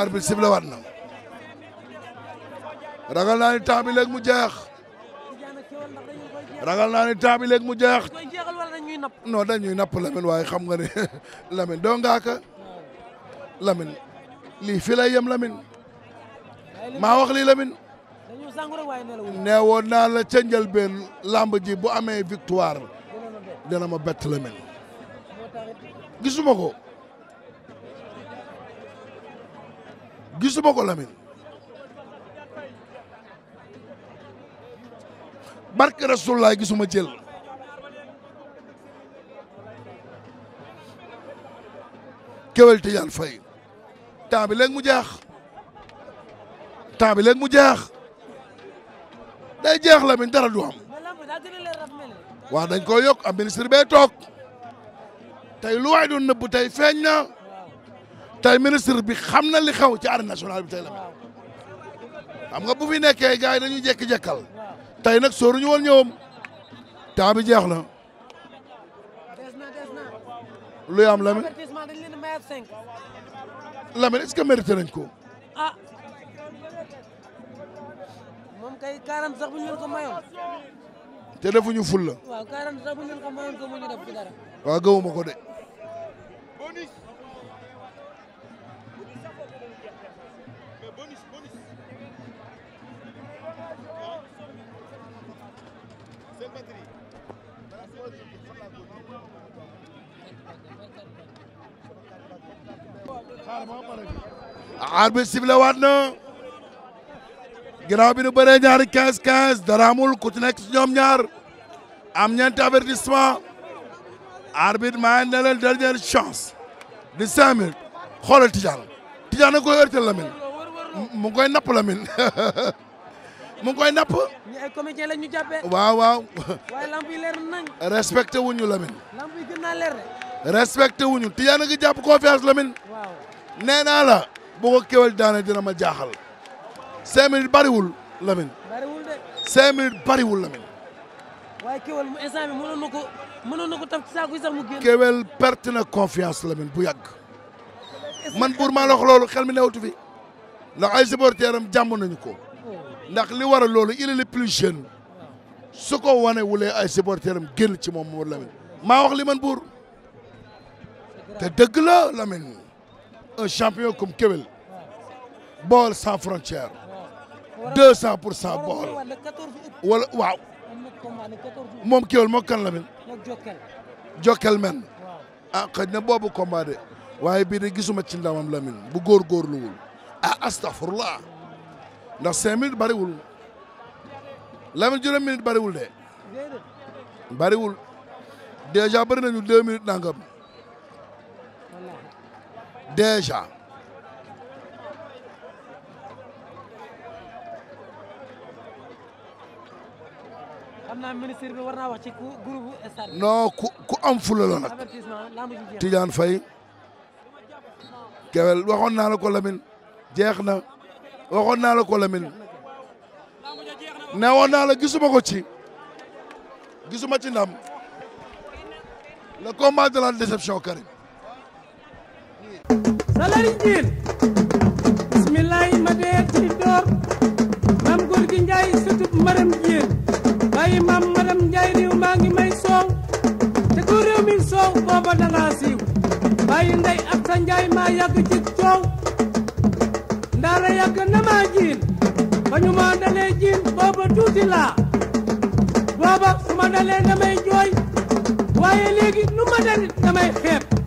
arbitre sifflé waat na ragal naa ni temps mu jeex ragal naa ni temps bi mu jeex non dañuy napp Lamine waaye xam nga ne Lamine doo ngaaka Lamine lii fii lay yem Lamine maa wax lii Lamine nee woon naa la ca njëlbeen làmb ji bu amee victoire dina ma bett Lamine gisuma ko gisuma ko Lamine barke Rasulullah gisuma jël Keweul Tidiane Faye temps bi léegi mu jeex temps bi léegi mu jeex day jeex Lamine dara du am dañ ko yokk am ministre bee toog tey lu waay nëbb tey feeñ tey ministre bi xam na li xew ci arène nationale bi tey xam nga bu fi nekkee gars yi dañuy jekkal jékkal tey nag sóoruñu woon ñëwam temps bi jeex na lu am Lamine Lamine est-ce que mérité nañ ko. ah moom kay 40 sax bu ñu ful la. waaw 40 sax de. arbitre sifflé waat na ginnaaw bi nu bëree ñaari 15 15 dara amul nekk si ñoom ñaar am ñeenti avertissement arbitre maa ngi ne leen dernière chance di 5 minutes xoolal Tidiane Tidiane a mu ngi koy mu ko koy napp. ñi ay comédien la ñu jàppee. waaw waaw. waaye wuñu la lamp yi leer de. wuñu Tidiane gi jàpp confiance Lamine. waaw nee naa la. bu ko kéwal dina ma jaaxal. cinq minutes bariwul Lamine. bariwul de. cinq minutes bariwul Lamine. waaye kéwal mu instant bi mënoon na ko mënoon na ko taf ci yi sax mu na confiance Lamine bu yàgg. man pour maa lox loolu xel mi newatu fi. ndax ay supporteram jàmm nañu ko. ndax li war a loolu il est le plus jeune su ko wane wulee ay supporteram génn ci moom Mamadou Lamine maa wax li man buur te dëgg la Lamine un champion comme Kewel Baol sans frontière deux cent pour cent Baol wala waaw moom Kewel moo kan Lamine Jokal men ah xëy na boobu combat de waaye bii de gisuma ci ndamam Lamine bu góorgóorluwul ah astafurlah ndax cinq minutes bariwul Lamine juróom minutes bariwul de bariwul déjà bari nañu deux minutes nangam déjà xam naa ministre bi war naa wax ci groupe stade ku ku am fula la nag Tidiane Faye kewel waxoon naa la ko Lamine jeex na waxoon naa la ko Lamine ne woon naa la gisuma ko ci gisuma ci ndam le combat de la déception Karim salari njiin bismillahi ma dee ci door maam góor njaay sëtub maram njiin bàyyi maam maram njaay riw maa ngi may soow te ku mi soow booba dangaa siiw bàyyi ndey ak njaay maa yàgg ci coow ndaara yàgg na maa jiin ba ñu ma dalee tuuti laa booba su ma dalee damay jooy waaye léegi nu ma dalit damay xeeb